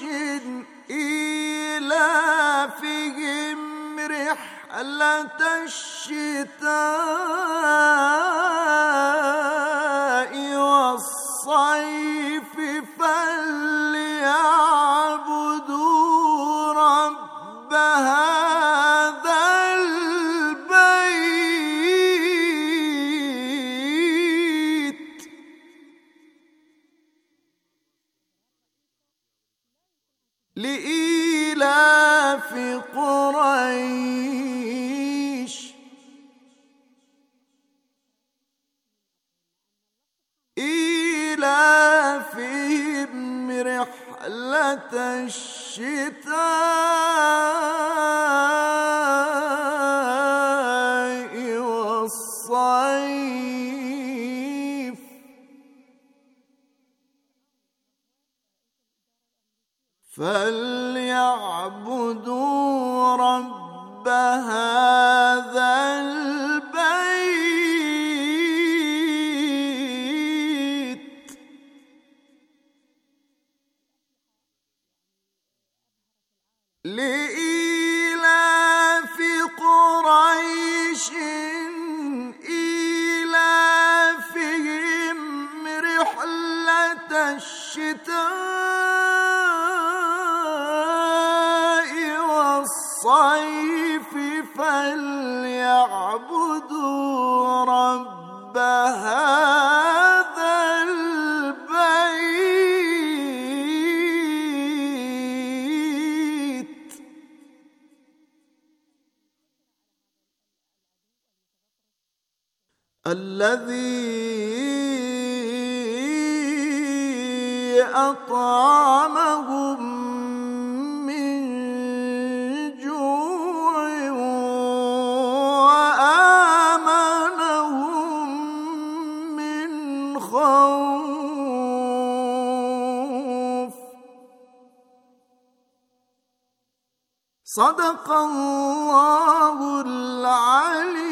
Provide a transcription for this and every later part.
قريش فيهم رحلة الشتاء الشتاء الذي أطعمهم من جوع وآمنهم من خوف صدق الله العليم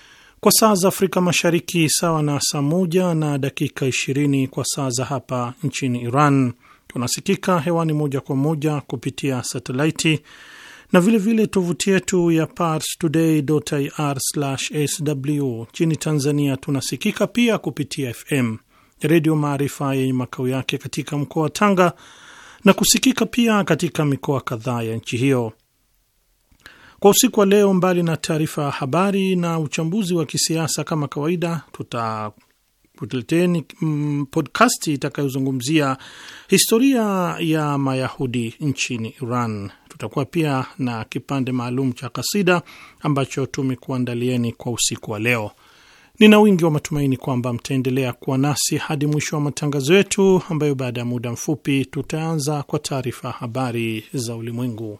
kwa saa za Afrika Mashariki, sawa na saa moja na dakika 20 kwa saa za hapa nchini Iran. Tunasikika hewani moja kwa moja kupitia satelaiti na vilevile tovuti yetu ya parstoday.ir/sw. Nchini Tanzania tunasikika pia kupitia FM Redio Maarifa yenye makao yake katika mkoa wa Tanga na kusikika pia katika mikoa kadhaa ya nchi hiyo. Kwa usiku wa leo, mbali na taarifa ya habari na uchambuzi wa kisiasa kama kawaida, tuta mm, podkasti itakayozungumzia historia ya Mayahudi nchini Iran. Tutakuwa pia na kipande maalum cha kasida ambacho tumekuandalieni kwa usiku wa leo. Nina wingi wa matumaini kwamba mtaendelea kuwa nasi hadi mwisho wa matangazo yetu, ambayo baada ya muda mfupi tutaanza kwa taarifa habari za ulimwengu.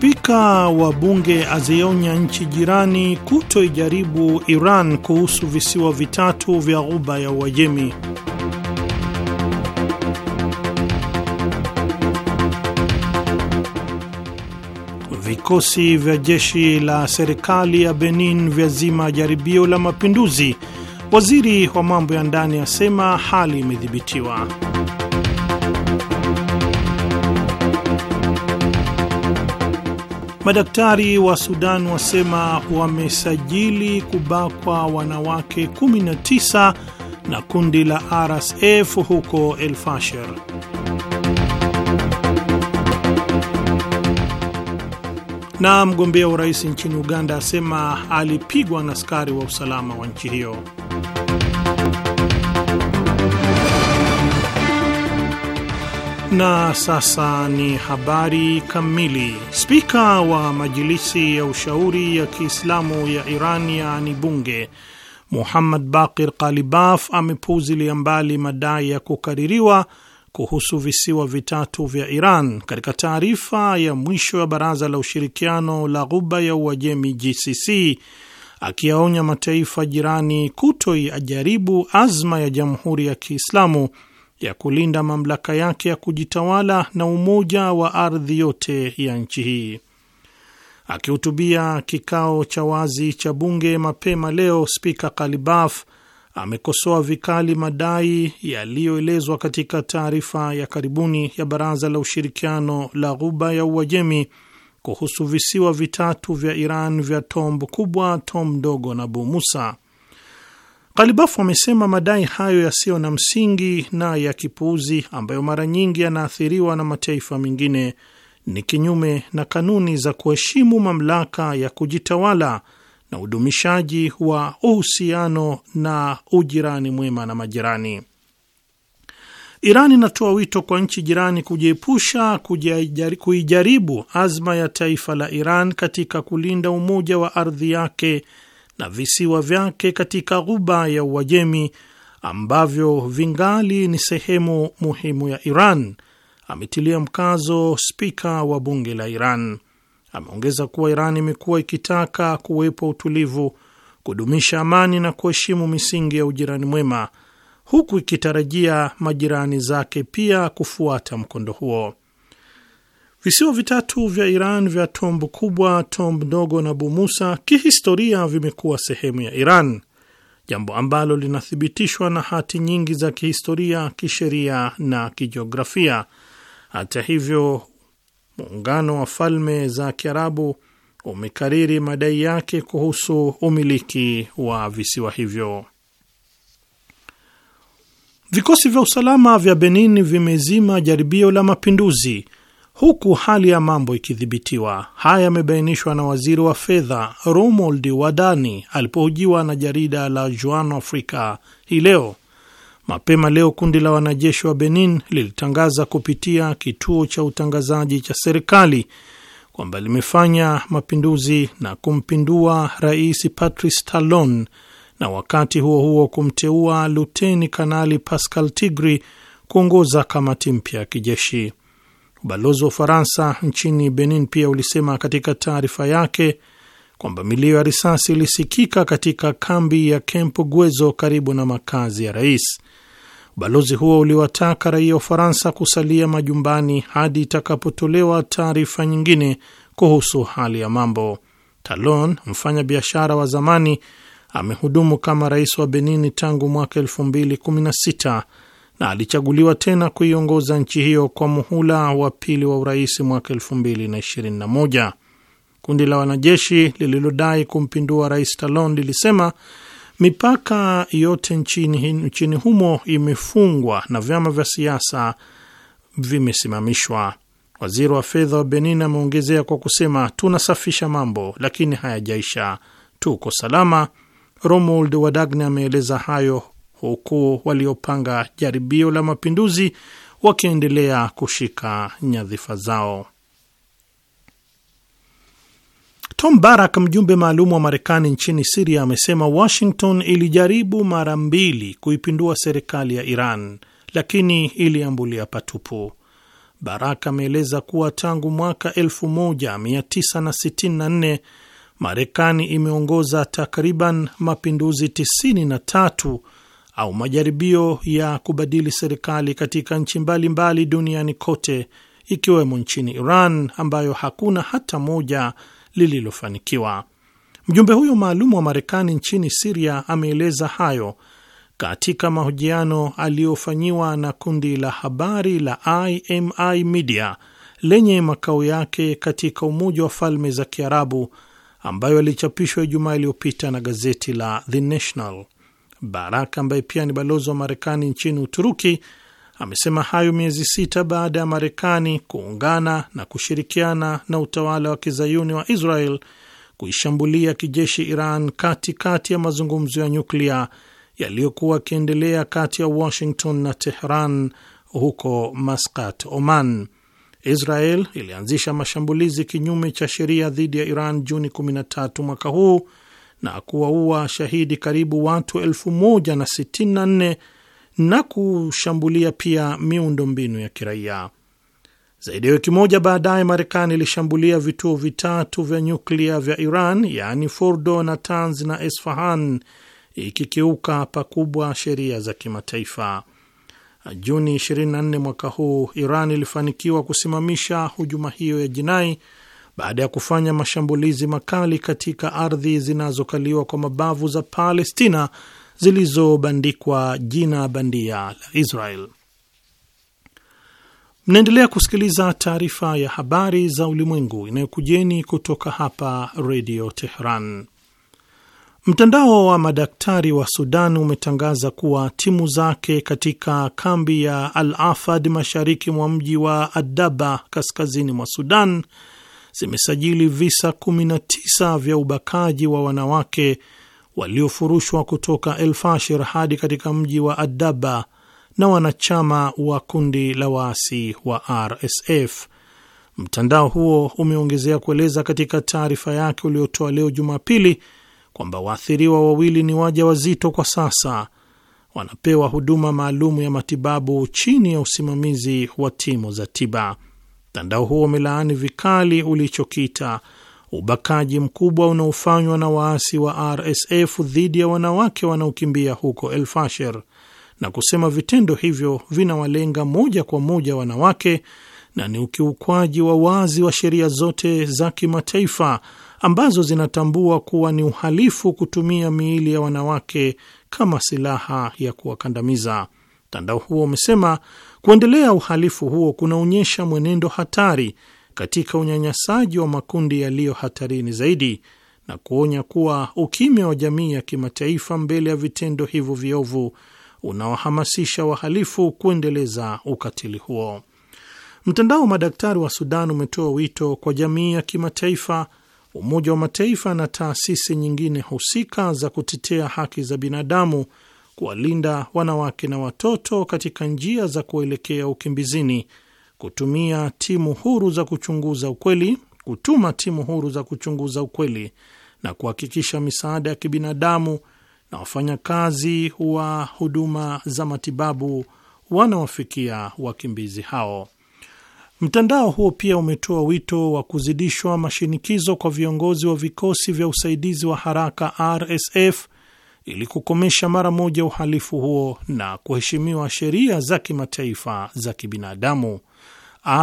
Spika wa bunge azionya nchi jirani kutoijaribu Iran kuhusu visiwa vitatu vya ghuba ya Uajemi. Vikosi vya jeshi la serikali ya Benin vyazima jaribio la mapinduzi. Waziri wa mambo ya ndani asema hali imedhibitiwa. Madaktari wa Sudan wasema wamesajili kubakwa wanawake 19 na kundi la RSF huko El Fasher. Na mgombea urais nchini Uganda asema alipigwa na askari wa usalama wa nchi hiyo. Na sasa ni habari kamili. Spika wa Majilisi ya Ushauri ya Kiislamu ya Iran, yaani bunge, Muhammad Bakir Kalibaf amepuzilia mbali madai ya kukaririwa kuhusu visiwa vitatu vya Iran katika taarifa ya mwisho ya Baraza la Ushirikiano la Ghuba ya Uajemi, GCC, akiyaonya mataifa jirani kutoijaribu azma ya Jamhuri ya Kiislamu ya kulinda mamlaka yake ya kujitawala na umoja wa ardhi yote ya nchi hii. Akihutubia kikao cha wazi cha bunge mapema leo, Spika Kalibaf amekosoa vikali madai yaliyoelezwa katika taarifa ya karibuni ya Baraza la Ushirikiano la Ghuba ya Uajemi kuhusu visiwa vitatu vya Iran vya tomb Kubwa, Tom Dogo na Bu Musa. Kalibafu amesema madai hayo yasiyo na msingi na ya kipuuzi, ambayo mara nyingi yanaathiriwa na mataifa mengine, ni kinyume na kanuni za kuheshimu mamlaka ya kujitawala na udumishaji wa uhusiano na ujirani mwema na majirani. Iran inatoa wito kwa nchi jirani kujiepusha kuijaribu azma ya taifa la Iran katika kulinda umoja wa ardhi yake na visiwa vyake katika ghuba ya Uajemi ambavyo vingali ni sehemu muhimu ya Iran, ametilia mkazo spika wa bunge la Iran. Ameongeza kuwa Iran imekuwa ikitaka kuwepo utulivu, kudumisha amani na kuheshimu misingi ya ujirani mwema, huku ikitarajia majirani zake pia kufuata mkondo huo. Visiwa vitatu vya Iran vya Tomb Kubwa, Tomb Ndogo na Bumusa kihistoria vimekuwa sehemu ya Iran, jambo ambalo linathibitishwa na hati nyingi za kihistoria, kisheria na kijiografia. Hata hivyo, muungano wa falme za Kiarabu umekariri madai yake kuhusu umiliki wa visiwa hivyo. Vikosi vya usalama vya Benin vimezima jaribio la mapinduzi huku hali ya mambo ikidhibitiwa. Haya yamebainishwa na waziri wa fedha Romold Wadani alipohojiwa na jarida la Juan Africa hii leo. Mapema leo kundi la wanajeshi wa Benin lilitangaza kupitia kituo cha utangazaji cha serikali kwamba limefanya mapinduzi na kumpindua Rais Patrice Talon na wakati huo huo kumteua Luteni Kanali Pascal Tigri kuongoza kamati mpya ya kijeshi. Ubalozi wa Ufaransa nchini Benin pia ulisema katika taarifa yake kwamba milio ya risasi ilisikika katika kambi ya Camp Gwezo karibu na makazi ya rais. Ubalozi huo uliwataka raia wa Ufaransa kusalia majumbani hadi itakapotolewa taarifa nyingine kuhusu hali ya mambo. Talon, mfanya biashara wa zamani, amehudumu kama rais wa Benini tangu mwaka 2016 na alichaguliwa tena kuiongoza nchi hiyo kwa muhula wa pili wa urais mwaka moja. Kundi la wanajeshi lililodai kumpindua rais Talon lilisema mipaka yote nchini, nchini humo imefungwa na vyama vya siasa vimesimamishwa. Waziri wa fedha wa Benin ameongezea kwa kusema, tunasafisha mambo lakini hayajaisha, tuko salama. Romuald Wadagne ameeleza hayo huku waliopanga jaribio la mapinduzi wakiendelea kushika nyadhifa zao. Tom Barak, mjumbe maalum wa Marekani nchini Siria, amesema Washington ilijaribu mara mbili kuipindua serikali ya Iran lakini iliambulia patupu. Barak ameeleza kuwa tangu mwaka 1964 Marekani imeongoza takriban mapinduzi 93 au majaribio ya kubadili serikali katika nchi mbalimbali duniani kote ikiwemo nchini Iran ambayo hakuna hata moja lililofanikiwa. Mjumbe huyo maalum wa Marekani nchini Siria ameeleza hayo katika mahojiano aliyofanyiwa na kundi la habari la IMI Media lenye makao yake katika Umoja wa Falme za Kiarabu ambayo alichapishwa Ijumaa iliyopita na gazeti la The National. Barak ambaye pia ni balozi wa Marekani nchini Uturuki amesema hayo miezi sita baada ya Marekani kuungana na kushirikiana na utawala wa kizayuni wa Israel kuishambulia kijeshi Iran katikati kati ya mazungumzo ya nyuklia yaliyokuwa akiendelea kati ya Washington na Tehran huko Maskat, Oman. Israel ilianzisha mashambulizi kinyume cha sheria dhidi ya Iran Juni 13 mwaka huu na kuwaua shahidi karibu watu elfu moja na sitini na nne na kushambulia pia miundo mbinu ya kiraia. Zaidi ya wiki moja baadaye, Marekani ilishambulia vituo vitatu vya nyuklia vya Iran, yaani Fordo, Natanz na Esfahan, ikikiuka pakubwa sheria za kimataifa. Juni 24 mwaka huu, Iran ilifanikiwa kusimamisha hujuma hiyo ya jinai baada ya kufanya mashambulizi makali katika ardhi zinazokaliwa kwa mabavu za Palestina zilizobandikwa jina bandia la Israel. Mnaendelea kusikiliza taarifa ya habari za ulimwengu inayokujeni kutoka hapa Redio Tehran. Mtandao wa madaktari wa Sudan umetangaza kuwa timu zake katika kambi ya Al Afad mashariki mwa mji wa Adaba kaskazini mwa Sudan zimesajili visa 19 vya ubakaji wa wanawake waliofurushwa kutoka Elfashir hadi katika mji wa Adaba na wanachama wa kundi la waasi wa RSF. Mtandao huo umeongezea kueleza katika taarifa yake uliotoa leo Jumapili kwamba waathiriwa wawili ni waja wazito kwa sasa, wanapewa huduma maalumu ya matibabu chini ya usimamizi wa timu za tiba. Mtandao huo umelaani vikali ulichokita ubakaji mkubwa unaofanywa na waasi wa RSF dhidi ya wanawake wanaokimbia huko El Fasher na kusema vitendo hivyo vinawalenga moja kwa moja wanawake na ni ukiukwaji wa wazi wa sheria zote za kimataifa ambazo zinatambua kuwa ni uhalifu kutumia miili ya wanawake kama silaha ya kuwakandamiza. Mtandao huo umesema Kuendelea uhalifu huo kunaonyesha mwenendo hatari katika unyanyasaji wa makundi yaliyo hatarini zaidi na kuonya kuwa ukimya wa jamii ya kimataifa mbele ya vitendo hivyo viovu unawahamasisha wahalifu kuendeleza ukatili huo. Mtandao wa madaktari wa Sudan umetoa wito kwa jamii ya kimataifa, Umoja wa Mataifa na taasisi nyingine husika za kutetea haki za binadamu kuwalinda wanawake na watoto katika njia za kuelekea ukimbizini, kutumia timu huru za kuchunguza ukweli, kutuma timu huru za kuchunguza ukweli na kuhakikisha misaada ya kibinadamu na wafanyakazi wa huduma za matibabu wanawafikia wakimbizi hao. Mtandao huo pia umetoa wito wa kuzidishwa mashinikizo kwa viongozi wa vikosi vya usaidizi wa haraka RSF ili kukomesha mara moja uhalifu huo na kuheshimiwa sheria za kimataifa za kibinadamu.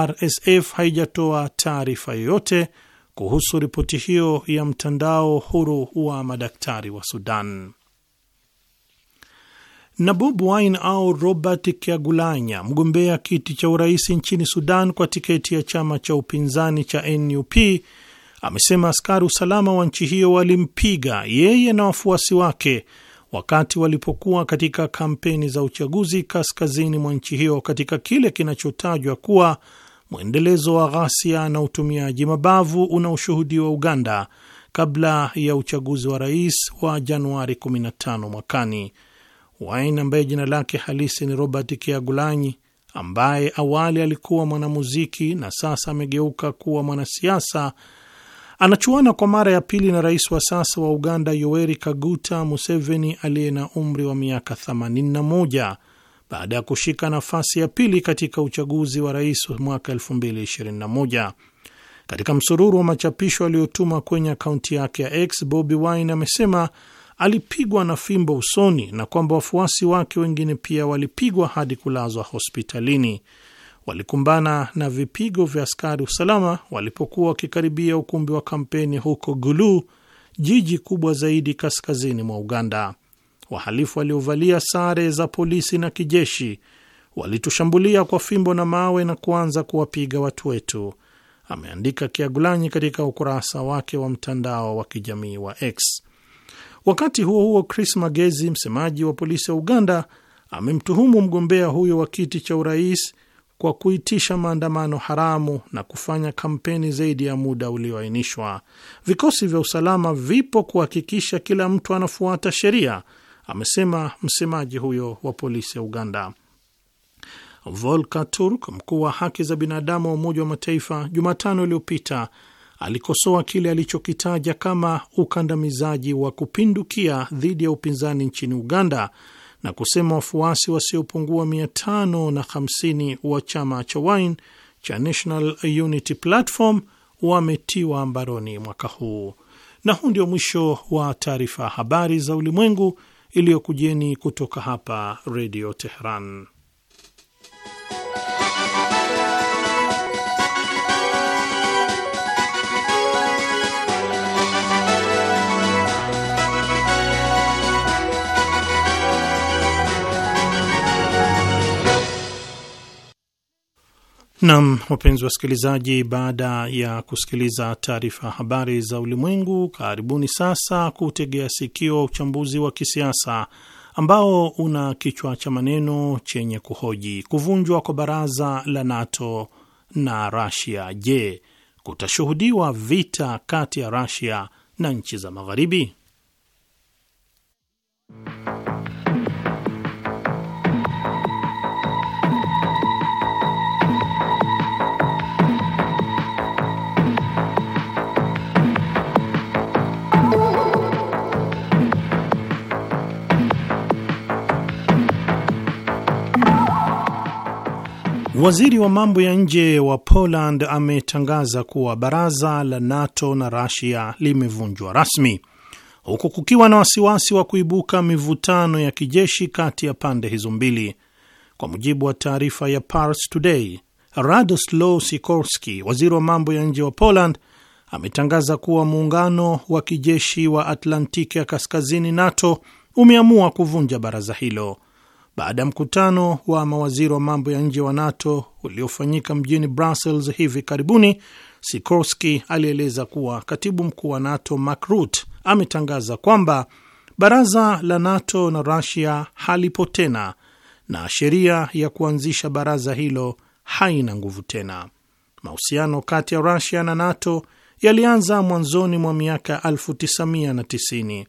RSF haijatoa taarifa yoyote kuhusu ripoti hiyo ya mtandao huru wa madaktari wa Sudan. Na Bob Wine au Robert kiagulanya mgombea kiti cha urais nchini Sudan kwa tiketi ya chama cha upinzani cha NUP amesema askari usalama wa nchi hiyo walimpiga yeye na wafuasi wake wakati walipokuwa katika kampeni za uchaguzi kaskazini mwa nchi hiyo katika kile kinachotajwa kuwa mwendelezo wa ghasia na utumiaji mabavu unaoshuhudiwa Uganda kabla ya uchaguzi wa rais wa Januari 15 mwakani. Wine ambaye jina lake halisi ni Robert Kiagulanyi, ambaye awali alikuwa mwanamuziki na sasa amegeuka kuwa mwanasiasa anachuana kwa mara ya pili na rais wa sasa wa Uganda Yoweri Kaguta Museveni aliye na umri wa miaka 81 baada ya kushika nafasi ya pili katika uchaguzi wa rais mwaka 2021. Katika msururu wa machapisho aliyotuma kwenye akaunti yake ya X, Bobi Wine amesema alipigwa na fimbo usoni na kwamba wafuasi wake wengine pia walipigwa hadi kulazwa hospitalini walikumbana na vipigo vya askari usalama walipokuwa wakikaribia ukumbi wa kampeni huko Gulu, jiji kubwa zaidi kaskazini mwa Uganda. Wahalifu waliovalia sare za polisi na kijeshi walitushambulia kwa fimbo na mawe na kuanza kuwapiga watu wetu, ameandika Kiagulanyi katika ukurasa wake wa mtandao wa kijamii wa X. Wakati huo huo, Chris Magezi, msemaji wa polisi wa Uganda, amemtuhumu mgombea huyo wa kiti cha urais kwa kuitisha maandamano haramu na kufanya kampeni zaidi ya muda ulioainishwa. Vikosi vya usalama vipo kuhakikisha kila mtu anafuata sheria, amesema msemaji huyo wa polisi ya Uganda. Volker Turk, mkuu wa haki za binadamu wa Umoja wa Mataifa, Jumatano iliyopita alikosoa kile alichokitaja kama ukandamizaji wa kupindukia dhidi ya upinzani nchini Uganda na kusema wafuasi wasiopungua 550 wa chama cha Wine cha National Unity Platform wametiwa mbaroni mwaka huu. Na huu ndio mwisho wa taarifa ya habari za ulimwengu iliyokujeni kutoka hapa Redio Teheran. Nam, wapenzi wasikilizaji, baada ya kusikiliza taarifa ya habari za ulimwengu, karibuni sasa kutegea sikio uchambuzi wa kisiasa ambao una kichwa cha maneno chenye kuhoji kuvunjwa kwa baraza la NATO na Rasia. Je, kutashuhudiwa vita kati ya Rasia na nchi za Magharibi? Waziri wa mambo ya nje wa Poland ametangaza kuwa baraza la NATO na rasia limevunjwa rasmi huku kukiwa na wasiwasi wa kuibuka mivutano ya kijeshi kati ya pande hizo mbili. Kwa mujibu wa taarifa ya Pars Today, Radoslaw Sikorski, waziri wa mambo ya nje wa Poland, ametangaza kuwa muungano wa kijeshi wa Atlantiki ya Kaskazini, NATO, umeamua kuvunja baraza hilo baada ya mkutano wa mawaziri wa mambo ya nje wa NATO uliofanyika mjini Brussels hivi karibuni, Sikorski alieleza kuwa katibu mkuu wa NATO Mark Rutte ametangaza kwamba baraza la NATO na Russia halipo tena na sheria ya kuanzisha baraza hilo haina nguvu tena. Mahusiano kati ya rusia na NATO yalianza mwanzoni mwa miaka 1990.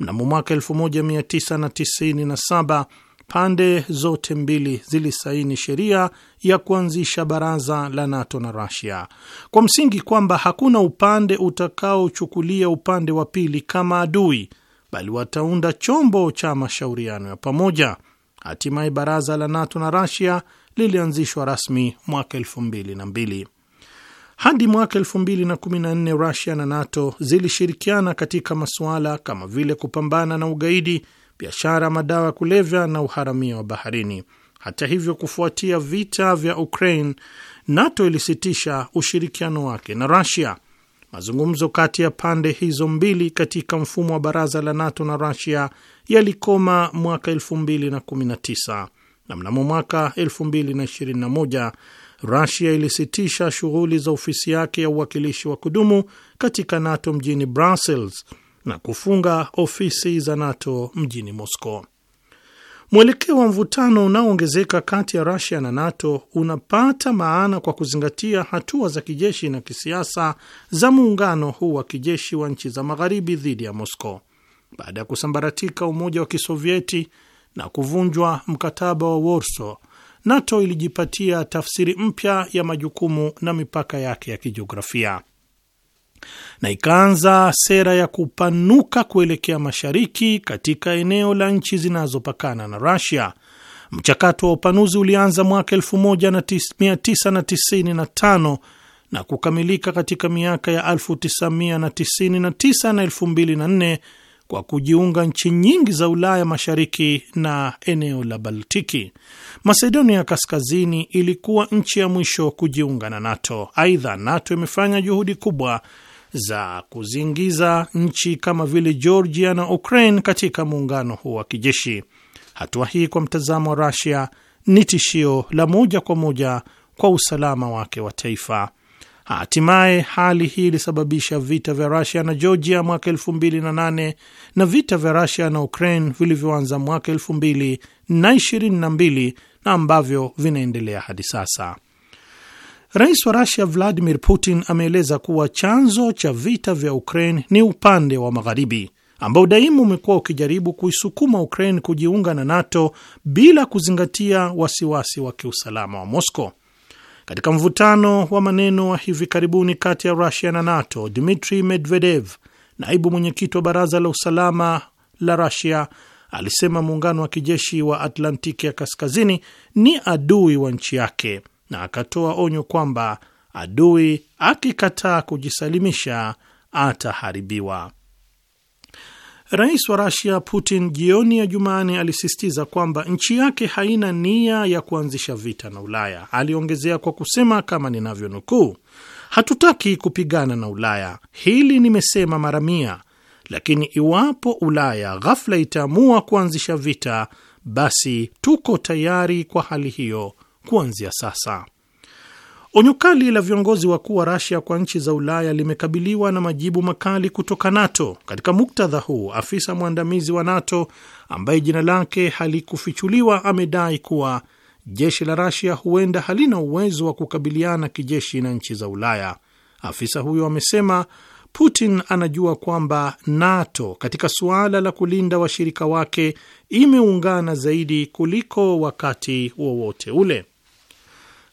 Mnamo mwaka 1997 pande zote mbili zilisaini sheria ya kuanzisha baraza la NATO na rasia kwa msingi kwamba hakuna upande utakaochukulia upande wa pili kama adui, bali wataunda chombo cha mashauriano ya pamoja. Hatimaye baraza la NATO na rasia lilianzishwa rasmi mwaka elfu mbili na mbili. Hadi mwaka nne rasia na NATO zilishirikiana katika masuala kama vile kupambana na ugaidi biashara madawa ya kulevya na uharamia wa baharini. Hata hivyo, kufuatia vita vya Ukraine, NATO ilisitisha ushirikiano wake na Russia. Mazungumzo kati ya pande hizo mbili katika mfumo wa baraza la NATO na rusia yalikoma mwaka 2019 na mnamo mwaka 2021 Russia ilisitisha shughuli za ofisi yake ya uwakilishi wa kudumu katika NATO mjini Brussels na kufunga ofisi za NATO mjini Moscow. Mwelekeo wa mvutano unaoongezeka kati ya Rusia na NATO unapata maana kwa kuzingatia hatua za kijeshi na kisiasa za muungano huu wa kijeshi wa nchi za magharibi dhidi ya Moscow baada ya kusambaratika Umoja wa Kisovieti na kuvunjwa mkataba wa Warsaw. NATO ilijipatia tafsiri mpya ya majukumu na mipaka yake ya kijiografia na ikaanza sera ya kupanuka kuelekea mashariki katika eneo la nchi zinazopakana na rusia Mchakato wa upanuzi ulianza mwaka 1995 na kukamilika katika miaka ya 1999 na 2004 kwa kujiunga nchi nyingi za Ulaya Mashariki na eneo la Baltiki. Masedonia ya Kaskazini ilikuwa nchi ya mwisho kujiunga na NATO. Aidha, NATO imefanya juhudi kubwa za kuziingiza nchi kama vile Georgia na Ukraine katika muungano huo wa kijeshi. Hatua hii kwa mtazamo wa rasia ni tishio la moja kwa moja kwa usalama wake wa taifa. Hatimaye hali hii ilisababisha vita vya Rusia na Georgia mwaka elfu mbili na nane na vita vya Rusia na Ukraine vilivyoanza mwaka elfu mbili na ishirini na mbili na ambavyo vinaendelea hadi sasa. Rais wa Rusia Vladimir Putin ameeleza kuwa chanzo cha vita vya Ukraine ni upande wa magharibi ambao daima umekuwa ukijaribu kuisukuma Ukraine kujiunga na NATO bila kuzingatia wasiwasi wa kiusalama wa Moscow. Katika mvutano wa maneno wa hivi karibuni kati ya Rusia na NATO, Dmitri Medvedev, naibu mwenyekiti wa baraza la usalama la Rusia, alisema muungano wa kijeshi wa Atlantiki ya kaskazini ni adui wa nchi yake na akatoa onyo kwamba adui akikataa kujisalimisha ataharibiwa. Rais wa Rasia Putin jioni ya Jumanne alisisitiza kwamba nchi yake haina nia ya kuanzisha vita na Ulaya. Aliongezea kwa kusema kama ninavyonukuu, hatutaki kupigana na Ulaya, hili nimesema mara mia, lakini iwapo Ulaya ghafla itaamua kuanzisha vita, basi tuko tayari kwa hali hiyo, kuanzia sasa. Onyo kali la viongozi wakuu wa Rasia kwa nchi za Ulaya limekabiliwa na majibu makali kutoka NATO. Katika muktadha huu, afisa mwandamizi wa NATO ambaye jina lake halikufichuliwa amedai kuwa jeshi la Rasia huenda halina uwezo wa kukabiliana kijeshi na nchi za Ulaya. Afisa huyo amesema Putin anajua kwamba NATO katika suala la kulinda washirika wake imeungana zaidi kuliko wakati wowote ule.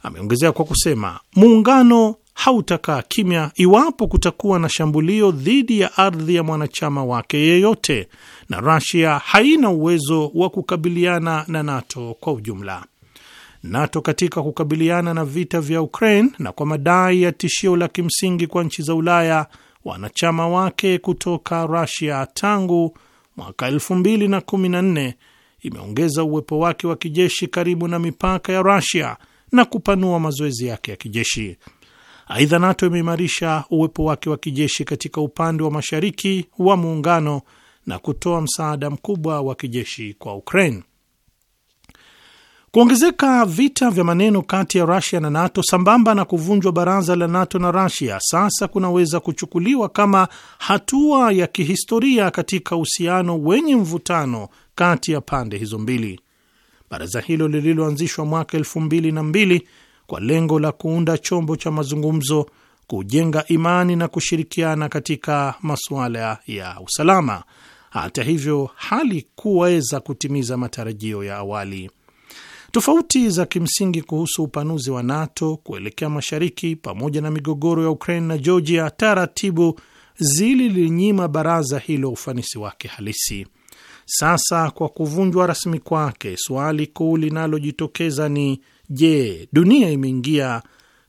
Ameongezea kwa kusema muungano hautakaa kimya iwapo kutakuwa na shambulio dhidi ya ardhi ya mwanachama wake yeyote, na rasia haina uwezo wa kukabiliana na NATO kwa ujumla. NATO katika kukabiliana na vita vya Ukraine na kwa madai ya tishio la kimsingi kwa nchi za Ulaya wanachama wake kutoka rasia tangu mwaka 2014 imeongeza uwepo wake wa kijeshi karibu na mipaka ya rasia na kupanua mazoezi yake ya kijeshi. Aidha, NATO imeimarisha uwepo wake wa kijeshi katika upande wa mashariki wa muungano na kutoa msaada mkubwa wa kijeshi kwa Ukraine. Kuongezeka vita vya maneno kati ya Rusia na NATO sambamba na kuvunjwa baraza la NATO na Rusia sasa kunaweza kuchukuliwa kama hatua ya kihistoria katika uhusiano wenye mvutano kati ya pande hizo mbili. Baraza hilo lililoanzishwa mwaka elfu mbili na mbili kwa lengo la kuunda chombo cha mazungumzo, kujenga imani na kushirikiana katika masuala ya usalama. Hata hivyo, halikuweza kutimiza matarajio ya awali. Tofauti za kimsingi kuhusu upanuzi wa NATO kuelekea mashariki pamoja na migogoro ya Ukraine na Georgia taratibu zililinyima baraza hilo ufanisi wake halisi. Sasa kwa kuvunjwa rasmi kwake, swali kuu linalojitokeza ni je, dunia imeingia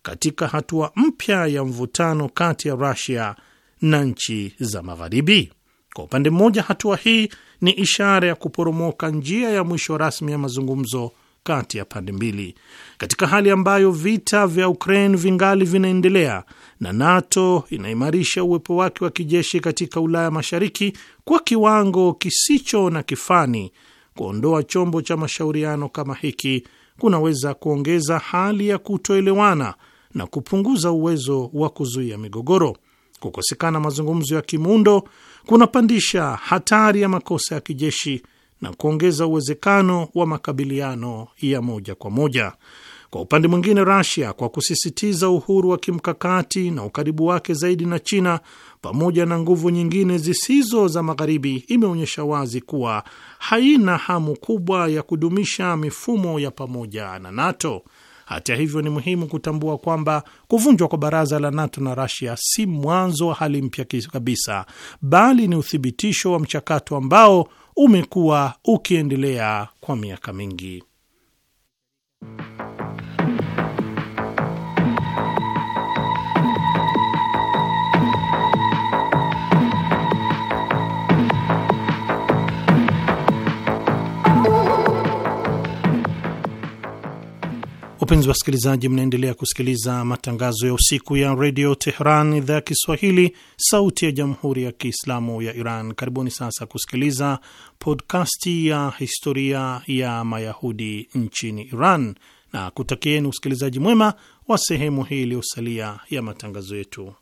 katika hatua mpya ya mvutano kati ya rasia na nchi za Magharibi? Kwa upande mmoja, hatua hii ni ishara ya kuporomoka njia ya mwisho rasmi ya mazungumzo kati ya pande mbili, katika hali ambayo vita vya Ukraine vingali vinaendelea na NATO inaimarisha uwepo wake wa kijeshi katika Ulaya Mashariki kwa kiwango kisicho na kifani, kuondoa chombo cha mashauriano kama hiki kunaweza kuongeza hali ya kutoelewana na kupunguza uwezo wa kuzuia migogoro. Kukosekana mazungumzo ya kimuundo kunapandisha hatari ya makosa ya kijeshi na kuongeza uwezekano wa makabiliano ya moja kwa moja. Kwa upande mwingine, rasia kwa kusisitiza uhuru wa kimkakati na ukaribu wake zaidi na China pamoja na nguvu nyingine zisizo za magharibi imeonyesha wazi kuwa haina hamu kubwa ya kudumisha mifumo ya pamoja na NATO. Hata hivyo, ni muhimu kutambua kwamba kuvunjwa kwa baraza la NATO na rasia si mwanzo wa hali mpya kabisa, bali ni uthibitisho wa mchakato ambao umekuwa ukiendelea kwa miaka mingi. Wapenzi wasikilizaji, mnaendelea kusikiliza matangazo ya usiku ya redio Tehran, idhaa ya Kiswahili, sauti ya jamhuri ya kiislamu ya Iran. Karibuni sasa kusikiliza podkasti ya historia ya mayahudi nchini Iran na kutakieni usikilizaji mwema wa sehemu hii iliyosalia ya matangazo yetu.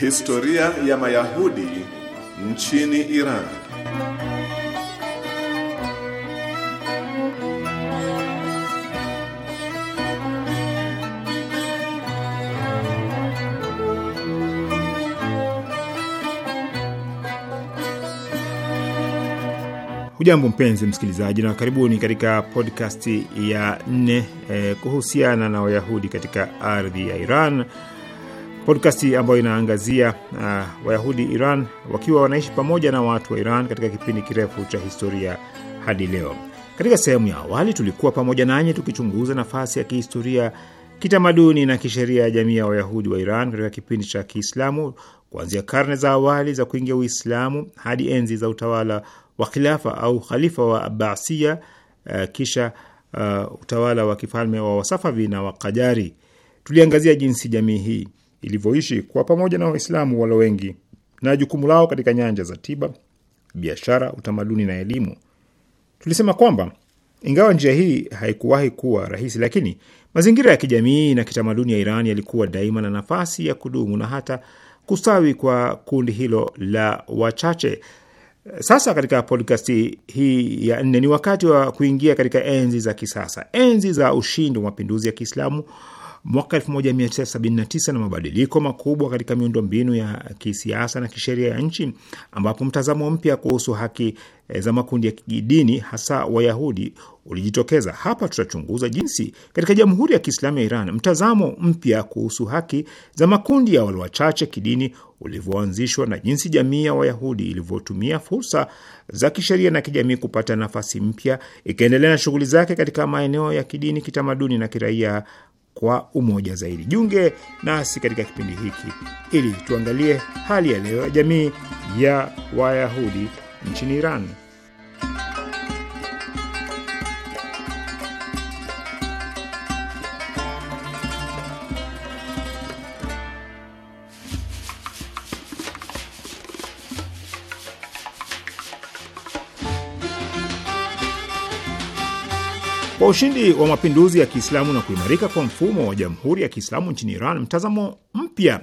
Historia ya Mayahudi nchini Iran. Hujambo mpenzi msikilizaji, na karibuni katika podcast ya nne eh, kuhusiana na Wayahudi katika ardhi ya Iran podkasti ambayo inaangazia uh, Wayahudi Iran wakiwa wanaishi pamoja na watu wa Iran katika kipindi kirefu cha historia hadi leo. Katika sehemu ya awali tulikuwa pamoja nanyi tukichunguza nafasi ya kihistoria, kitamaduni na kisheria ya jamii ya Wayahudi wa Iran katika kipindi cha Kiislamu, kuanzia karne za awali za kuingia Uislamu hadi enzi za utawala wa khilafa au khalifa wa Abbasia, uh, kisha uh, utawala wa kifalme wa Wasafavi na Wakajari. Tuliangazia jinsi jamii hii ilivyoishi kwa pamoja na Waislamu walio wengi na jukumu lao katika nyanja za tiba, biashara, utamaduni na elimu. Tulisema kwamba ingawa njia hii haikuwahi kuwa rahisi, lakini mazingira ya kijamii na kitamaduni ya Iran yalikuwa daima na nafasi ya kudumu na hata kustawi kwa kundi hilo la wachache. Sasa katika podcast hii ya nne, ni wakati wa kuingia katika enzi za kisasa, enzi za ushindi wa mapinduzi ya Kiislamu mwaka 1979 na mabadiliko makubwa katika miundombinu ya kisiasa na kisheria ya nchi, ambapo mtazamo mpya kuhusu haki eh, za makundi ya kidini hasa Wayahudi ulijitokeza. Hapa tutachunguza jinsi katika Jamhuri ya Kiislamu ya Iran mtazamo mpya kuhusu haki za makundi ya walio wachache kidini ulivyoanzishwa na jinsi jamii ya Wayahudi ilivyotumia fursa za kisheria na kijamii kupata nafasi mpya, ikaendelea na shughuli zake katika maeneo ya kidini, kitamaduni na kiraia kwa umoja zaidi. Jiunge nasi katika kipindi hiki ili tuangalie hali ya leo ya jamii ya Wayahudi nchini Iran. Kwa ushindi wa mapinduzi ya Kiislamu na kuimarika kwa mfumo wa jamhuri ya Kiislamu nchini Iran, mtazamo mpya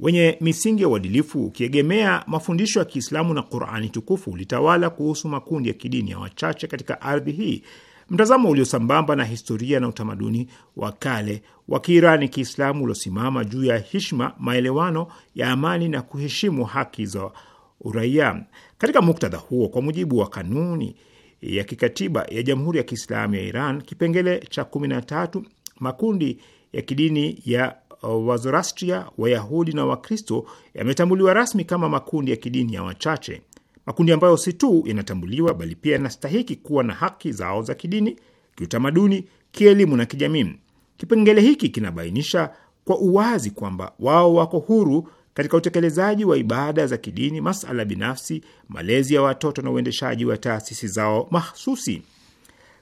wenye misingi ya uadilifu ukiegemea mafundisho ya Kiislamu na Qurani tukufu ulitawala kuhusu makundi ya kidini ya wachache katika ardhi hii, mtazamo uliosambamba na historia na utamaduni wa kale wa Kiirani Kiislamu uliosimama juu ya hishma, maelewano ya amani na kuheshimu haki za uraia. Katika muktadha huo, kwa mujibu wa kanuni ya kikatiba ya Jamhuri ya Kiislamu ya Iran, kipengele cha kumi na tatu, makundi ya kidini ya uh, Wazorastria, Wayahudi na Wakristo yametambuliwa rasmi kama makundi ya kidini ya wachache, makundi ambayo si tu yanatambuliwa bali pia yanastahiki kuwa na haki zao za kidini, kiutamaduni, kielimu na kijamii. Kipengele hiki kinabainisha kwa uwazi kwamba wao wako huru katika utekelezaji wa ibada za kidini, masala binafsi, malezi ya watoto na uendeshaji wa taasisi zao mahsusi.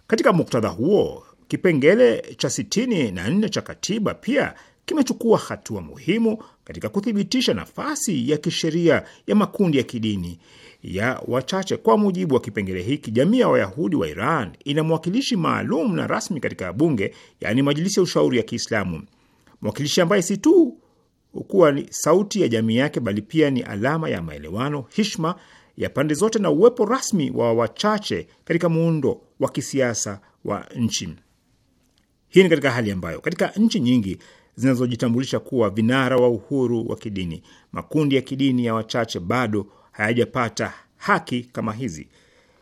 Katika muktadha huo, kipengele cha sitini na nne cha katiba pia kimechukua hatua muhimu katika kuthibitisha nafasi ya kisheria ya makundi ya kidini ya wachache. Kwa mujibu wa kipengele hiki, jamii ya Wayahudi wa Iran ina mwakilishi maalum na rasmi katika bunge, yaani majilisi ya ushauri ya Kiislamu, mwakilishi ambaye si tu kuwa ni sauti ya jamii yake, bali pia ni alama ya maelewano, hishma ya pande zote na uwepo rasmi wa wachache katika muundo wa kisiasa wa nchi. Hii ni katika hali ambayo katika nchi nyingi zinazojitambulisha kuwa vinara wa uhuru wa kidini, makundi ya kidini ya wachache bado hayajapata haki kama hizi.